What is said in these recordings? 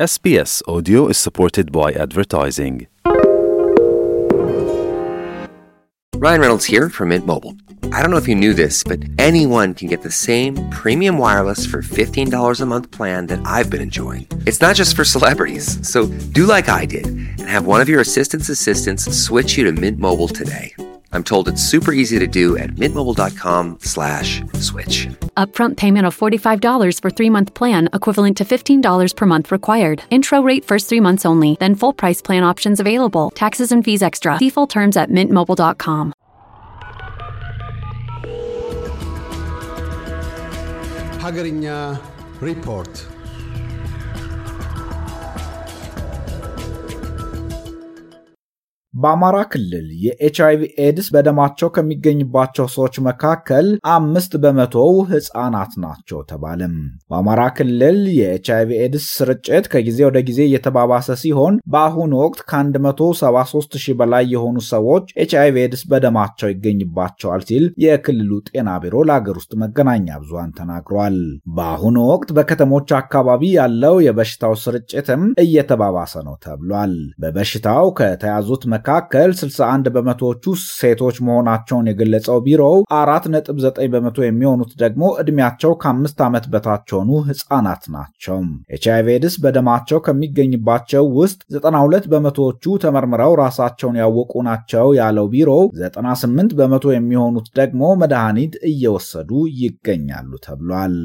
SBS Audio is supported by advertising. Ryan Reynolds here from Mint Mobile. I don't know if you knew this, but anyone can get the same premium wireless for $15 a month plan that I've been enjoying. It's not just for celebrities, so do like I did and have one of your assistant's assistants switch you to Mint Mobile today. I'm told it's super easy to do at mintmobile.com slash switch. Upfront payment of $45 for three-month plan, equivalent to $15 per month required. Intro rate first three months only, then full price plan options available. Taxes and fees extra. Default terms at mintmobile.com. Hagarinya Report. በአማራ ክልል የኤችአይቪ ኤድስ በደማቸው ከሚገኝባቸው ሰዎች መካከል አምስት በመቶው ህፃናት ናቸው ተባለም። በአማራ ክልል የኤችአይቪ ኤድስ ስርጭት ከጊዜ ወደ ጊዜ እየተባባሰ ሲሆን በአሁኑ ወቅት ከ173 ሺህ በላይ የሆኑ ሰዎች ኤችአይቪ ኤድስ በደማቸው ይገኝባቸዋል ሲል የክልሉ ጤና ቢሮ ለአገር ውስጥ መገናኛ ብዙሃን ተናግሯል። በአሁኑ ወቅት በከተሞች አካባቢ ያለው የበሽታው ስርጭትም እየተባባሰ ነው ተብሏል። በበሽታው ከተያዙት መካከል 61 በመቶዎቹ ሴቶች መሆናቸውን የገለጸው ቢሮው 4.9 በመቶ የሚሆኑት ደግሞ እድሜያቸው ከአምስት ዓመት በታች የሆኑ ሕፃናት ናቸው። ኤች አይቪ ኤድስ በደማቸው ከሚገኝባቸው ውስጥ 92 በመቶዎቹ ተመርምረው ራሳቸውን ያወቁ ናቸው ያለው ቢሮው 98 በመቶ የሚሆኑት ደግሞ መድኃኒት እየወሰዱ ይገኛሉ ተብሏል።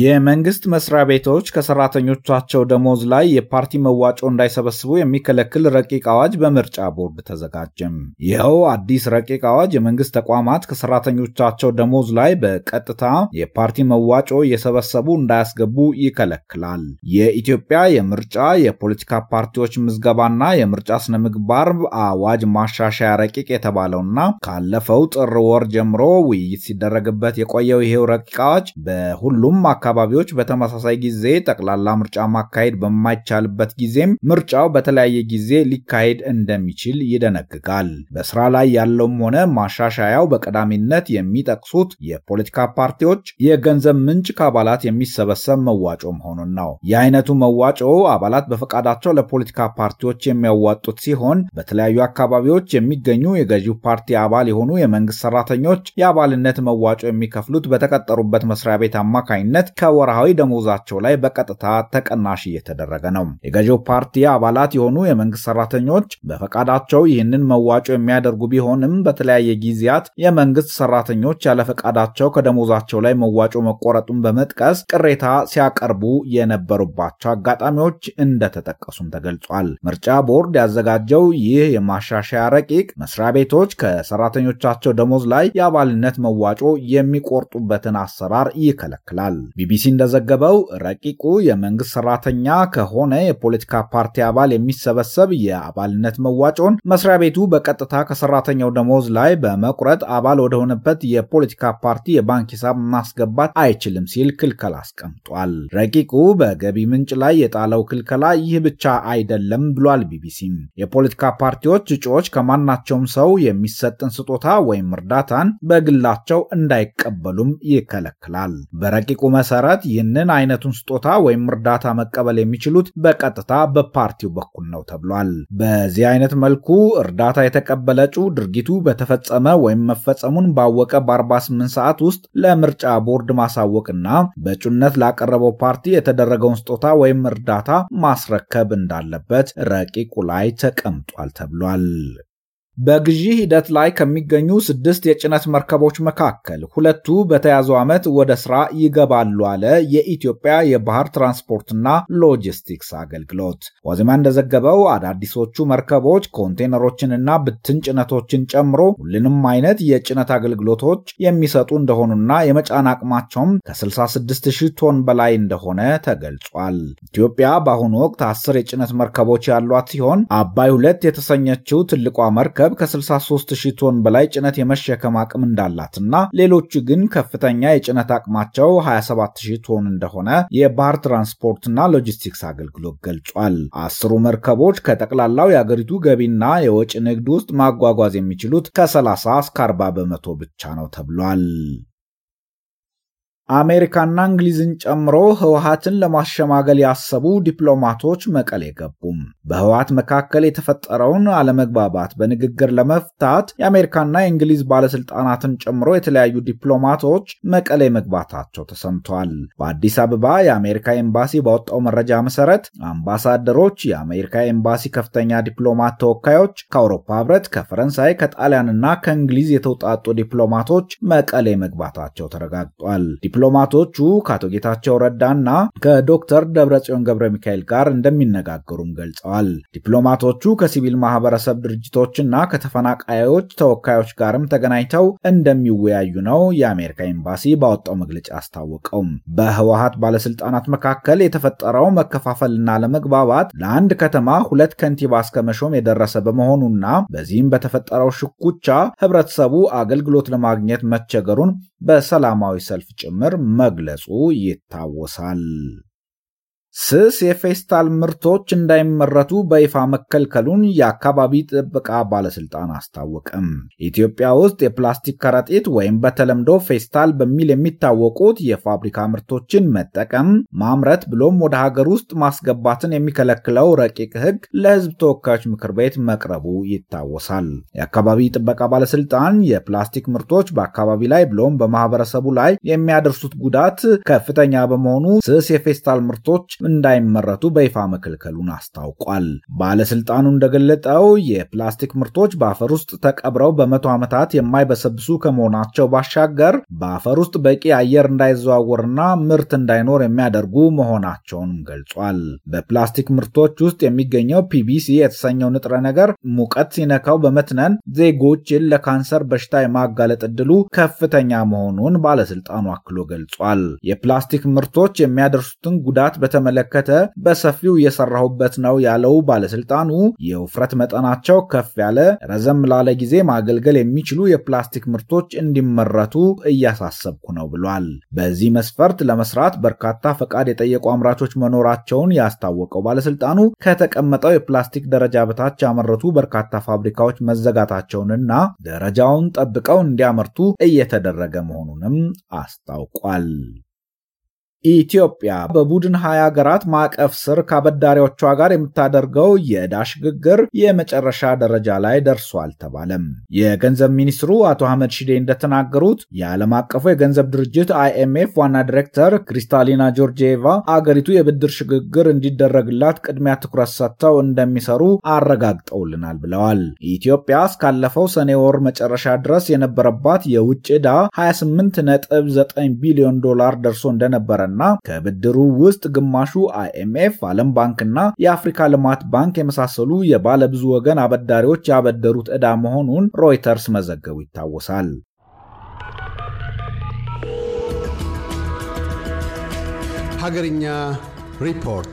የመንግስት መስሪያ ቤቶች ከሰራተኞቻቸው ደሞዝ ላይ የፓርቲ መዋጮ እንዳይሰበስቡ የሚከለክል ረቂቅ አዋጅ በምርጫ ቦርድ ተዘጋጀም። ይኸው አዲስ ረቂቅ አዋጅ የመንግስት ተቋማት ከሰራተኞቻቸው ደሞዝ ላይ በቀጥታ የፓርቲ መዋጮ እየሰበሰቡ እንዳያስገቡ ይከለክላል። የኢትዮጵያ የምርጫ የፖለቲካ ፓርቲዎች ምዝገባና የምርጫ ስነ ምግባር አዋጅ ማሻሻያ ረቂቅ የተባለውና ካለፈው ጥር ወር ጀምሮ ውይይት ሲደረግበት የቆየው ይሄው ረቂቅ አዋጅ በሁሉም አካባቢዎች በተመሳሳይ ጊዜ ጠቅላላ ምርጫ ማካሄድ በማይቻልበት ጊዜም ምርጫው በተለያየ ጊዜ ሊካሄድ እንደሚችል ይደነግጋል። በስራ ላይ ያለውም ሆነ ማሻሻያው በቀዳሚነት የሚጠቅሱት የፖለቲካ ፓርቲዎች የገንዘብ ምንጭ ከአባላት የሚሰበሰብ መዋጮ መሆኑን ነው። የአይነቱ መዋጮ አባላት በፈቃዳቸው ለፖለቲካ ፓርቲዎች የሚያዋጡት ሲሆን በተለያዩ አካባቢዎች የሚገኙ የገዢው ፓርቲ አባል የሆኑ የመንግስት ሰራተኞች የአባልነት መዋጮ የሚከፍሉት በተቀጠሩበት መስሪያ ቤት አማካኝነት በመመልከት ከወርሃዊ ደሞዛቸው ላይ በቀጥታ ተቀናሽ እየተደረገ ነው። የገዢው ፓርቲ አባላት የሆኑ የመንግስት ሰራተኞች በፈቃዳቸው ይህንን መዋጮ የሚያደርጉ ቢሆንም በተለያየ ጊዜያት የመንግስት ሰራተኞች ያለፈቃዳቸው ከደሞዛቸው ላይ መዋጮ መቆረጡን በመጥቀስ ቅሬታ ሲያቀርቡ የነበሩባቸው አጋጣሚዎች እንደተጠቀሱም ተገልጿል። ምርጫ ቦርድ ያዘጋጀው ይህ የማሻሻያ ረቂቅ መስሪያ ቤቶች ከሰራተኞቻቸው ደሞዝ ላይ የአባልነት መዋጮ የሚቆርጡበትን አሰራር ይከለክላል። ቢቢሲ እንደዘገበው ረቂቁ የመንግስት ሰራተኛ ከሆነ የፖለቲካ ፓርቲ አባል የሚሰበሰብ የአባልነት መዋጮን መስሪያ ቤቱ በቀጥታ ከሰራተኛው ደሞዝ ላይ በመቁረጥ አባል ወደሆነበት የፖለቲካ ፓርቲ የባንክ ሂሳብ ማስገባት አይችልም ሲል ክልከላ አስቀምጧል። ረቂቁ በገቢ ምንጭ ላይ የጣለው ክልከላ ይህ ብቻ አይደለም ብሏል። ቢቢሲም የፖለቲካ ፓርቲዎች እጩዎች ከማናቸውም ሰው የሚሰጥን ስጦታ ወይም እርዳታን በግላቸው እንዳይቀበሉም ይከለክላል። በረቂቁ መሰረት ይህንን አይነቱን ስጦታ ወይም እርዳታ መቀበል የሚችሉት በቀጥታ በፓርቲው በኩል ነው ተብሏል። በዚህ አይነት መልኩ እርዳታ የተቀበለ እጩ ድርጊቱ በተፈጸመ ወይም መፈጸሙን ባወቀ በ48 ሰዓት ውስጥ ለምርጫ ቦርድ ማሳወቅና በእጩነት ላቀረበው ፓርቲ የተደረገውን ስጦታ ወይም እርዳታ ማስረከብ እንዳለበት ረቂቁ ላይ ተቀምጧል ተብሏል። በግዢ ሂደት ላይ ከሚገኙ ስድስት የጭነት መርከቦች መካከል ሁለቱ በተያዘው ዓመት ወደ ሥራ ይገባሉ አለ የኢትዮጵያ የባህር ትራንስፖርትና ሎጂስቲክስ አገልግሎት። ዋዜማ እንደዘገበው አዳዲሶቹ መርከቦች ኮንቴነሮችንና ብትን ጭነቶችን ጨምሮ ሁሉንም አይነት የጭነት አገልግሎቶች የሚሰጡ እንደሆኑና የመጫን አቅማቸውም ከ66 ሺህ ቶን በላይ እንደሆነ ተገልጿል። ኢትዮጵያ በአሁኑ ወቅት አስር የጭነት መርከቦች ያሏት ሲሆን አባይ ሁለት የተሰኘችው ትልቋ መርከብ መርከብ ከ63000 ቶን በላይ ጭነት የመሸከም አቅም እንዳላትና ሌሎቹ ግን ከፍተኛ የጭነት አቅማቸው 27000 ቶን እንደሆነ የባህር ትራንስፖርትና ሎጂስቲክስ አገልግሎት ገልጿል። አስሩ መርከቦች ከጠቅላላው የአገሪቱ ገቢና የወጪ ንግድ ውስጥ ማጓጓዝ የሚችሉት ከ30 እስከ 40 በመቶ ብቻ ነው ተብሏል። አሜሪካና እንግሊዝን ጨምሮ ህወሀትን ለማሸማገል ያሰቡ ዲፕሎማቶች መቀሌ ገቡም። በህወሀት መካከል የተፈጠረውን አለመግባባት በንግግር ለመፍታት የአሜሪካና የእንግሊዝ ባለስልጣናትን ጨምሮ የተለያዩ ዲፕሎማቶች መቀሌ መግባታቸው ተሰምቷል። በአዲስ አበባ የአሜሪካ ኤምባሲ ባወጣው መረጃ መሰረት አምባሳደሮች፣ የአሜሪካ ኤምባሲ ከፍተኛ ዲፕሎማት ተወካዮች፣ ከአውሮፓ ህብረት፣ ከፈረንሳይ፣ ከጣሊያንና ከእንግሊዝ የተውጣጡ ዲፕሎማቶች መቀሌ መግባታቸው ተረጋግጧል። ዲፕሎማቶቹ ከአቶ ጌታቸው ረዳና ከዶክተር ደብረጽዮን ገብረ ሚካኤል ጋር እንደሚነጋገሩም ገልጸዋል። ዲፕሎማቶቹ ከሲቪል ማህበረሰብ ድርጅቶችና ከተፈናቃዮች ተወካዮች ጋርም ተገናኝተው እንደሚወያዩ ነው የአሜሪካ ኤምባሲ ባወጣው መግለጫ አስታወቀውም። በህወሀት ባለስልጣናት መካከል የተፈጠረው መከፋፈልና ለመግባባት ለአንድ ከተማ ሁለት ከንቲባ እስከ መሾም የደረሰ በመሆኑና በዚህም በተፈጠረው ሽኩቻ ህብረተሰቡ አገልግሎት ለማግኘት መቸገሩን በሰላማዊ ሰልፍ ጭምር መግለጹ ይታወሳል። ስስ የፌስታል ምርቶች እንዳይመረቱ በይፋ መከልከሉን የአካባቢ ጥበቃ ባለስልጣን አስታወቅም። ኢትዮጵያ ውስጥ የፕላስቲክ ከረጢት ወይም በተለምዶ ፌስታል በሚል የሚታወቁት የፋብሪካ ምርቶችን መጠቀም፣ ማምረት ብሎም ወደ ሀገር ውስጥ ማስገባትን የሚከለክለው ረቂቅ ሕግ ለሕዝብ ተወካዮች ምክር ቤት መቅረቡ ይታወሳል። የአካባቢ ጥበቃ ባለስልጣን የፕላስቲክ ምርቶች በአካባቢ ላይ ብሎም በማህበረሰቡ ላይ የሚያደርሱት ጉዳት ከፍተኛ በመሆኑ ስስ የፌስታል ምርቶች እንዳይመረቱ በይፋ መከልከሉን አስታውቋል። ባለስልጣኑ እንደገለጠው የፕላስቲክ ምርቶች በአፈር ውስጥ ተቀብረው በመቶ ዓመታት የማይበሰብሱ ከመሆናቸው ባሻገር በአፈር ውስጥ በቂ አየር እንዳይዘዋወርና ምርት እንዳይኖር የሚያደርጉ መሆናቸውንም ገልጿል። በፕላስቲክ ምርቶች ውስጥ የሚገኘው ፒቢሲ የተሰኘው ንጥረ ነገር ሙቀት ሲነካው በመትነን ዜጎችን ለካንሰር በሽታ የማጋለጥ እድሉ ከፍተኛ መሆኑን ባለስልጣኑ አክሎ ገልጿል። የፕላስቲክ ምርቶች የሚያደርሱትን ጉዳት በተመለ በተመለከተ በሰፊው እየሰራሁበት ነው ያለው ባለስልጣኑ የውፍረት መጠናቸው ከፍ ያለ ረዘም ላለ ጊዜ ማገልገል የሚችሉ የፕላስቲክ ምርቶች እንዲመረቱ እያሳሰብኩ ነው ብሏል። በዚህ መስፈርት ለመስራት በርካታ ፈቃድ የጠየቁ አምራቾች መኖራቸውን ያስታወቀው ባለስልጣኑ ከተቀመጠው የፕላስቲክ ደረጃ በታች ያመረቱ በርካታ ፋብሪካዎች መዘጋታቸውንና ደረጃውን ጠብቀው እንዲያመርቱ እየተደረገ መሆኑንም አስታውቋል። ኢትዮጵያ በቡድን ሀያ ሀገራት ማዕቀፍ ስር ከአበዳሪዎቿ ጋር የምታደርገው የዕዳ ሽግግር የመጨረሻ ደረጃ ላይ ደርሶ አልተባለም። የገንዘብ ሚኒስትሩ አቶ አህመድ ሺዴ እንደተናገሩት የዓለም አቀፉ የገንዘብ ድርጅት አይኤምኤፍ ዋና ዲሬክተር ክሪስታሊና ጆርጂየቫ አገሪቱ የብድር ሽግግር እንዲደረግላት ቅድሚያ ትኩረት ሰጥተው እንደሚሰሩ አረጋግጠውልናል ብለዋል። ኢትዮጵያ እስካለፈው ሰኔ ወር መጨረሻ ድረስ የነበረባት የውጭ ዕዳ 28.9 ቢሊዮን ዶላር ደርሶ እንደነበረ እና ከብድሩ ውስጥ ግማሹ አይኤምኤፍ፣ ዓለም ባንክና የአፍሪካ ልማት ባንክ የመሳሰሉ የባለብዙ ወገን አበዳሪዎች ያበደሩት ዕዳ መሆኑን ሮይተርስ መዘገቡ ይታወሳል። ሀገርኛ ሪፖርት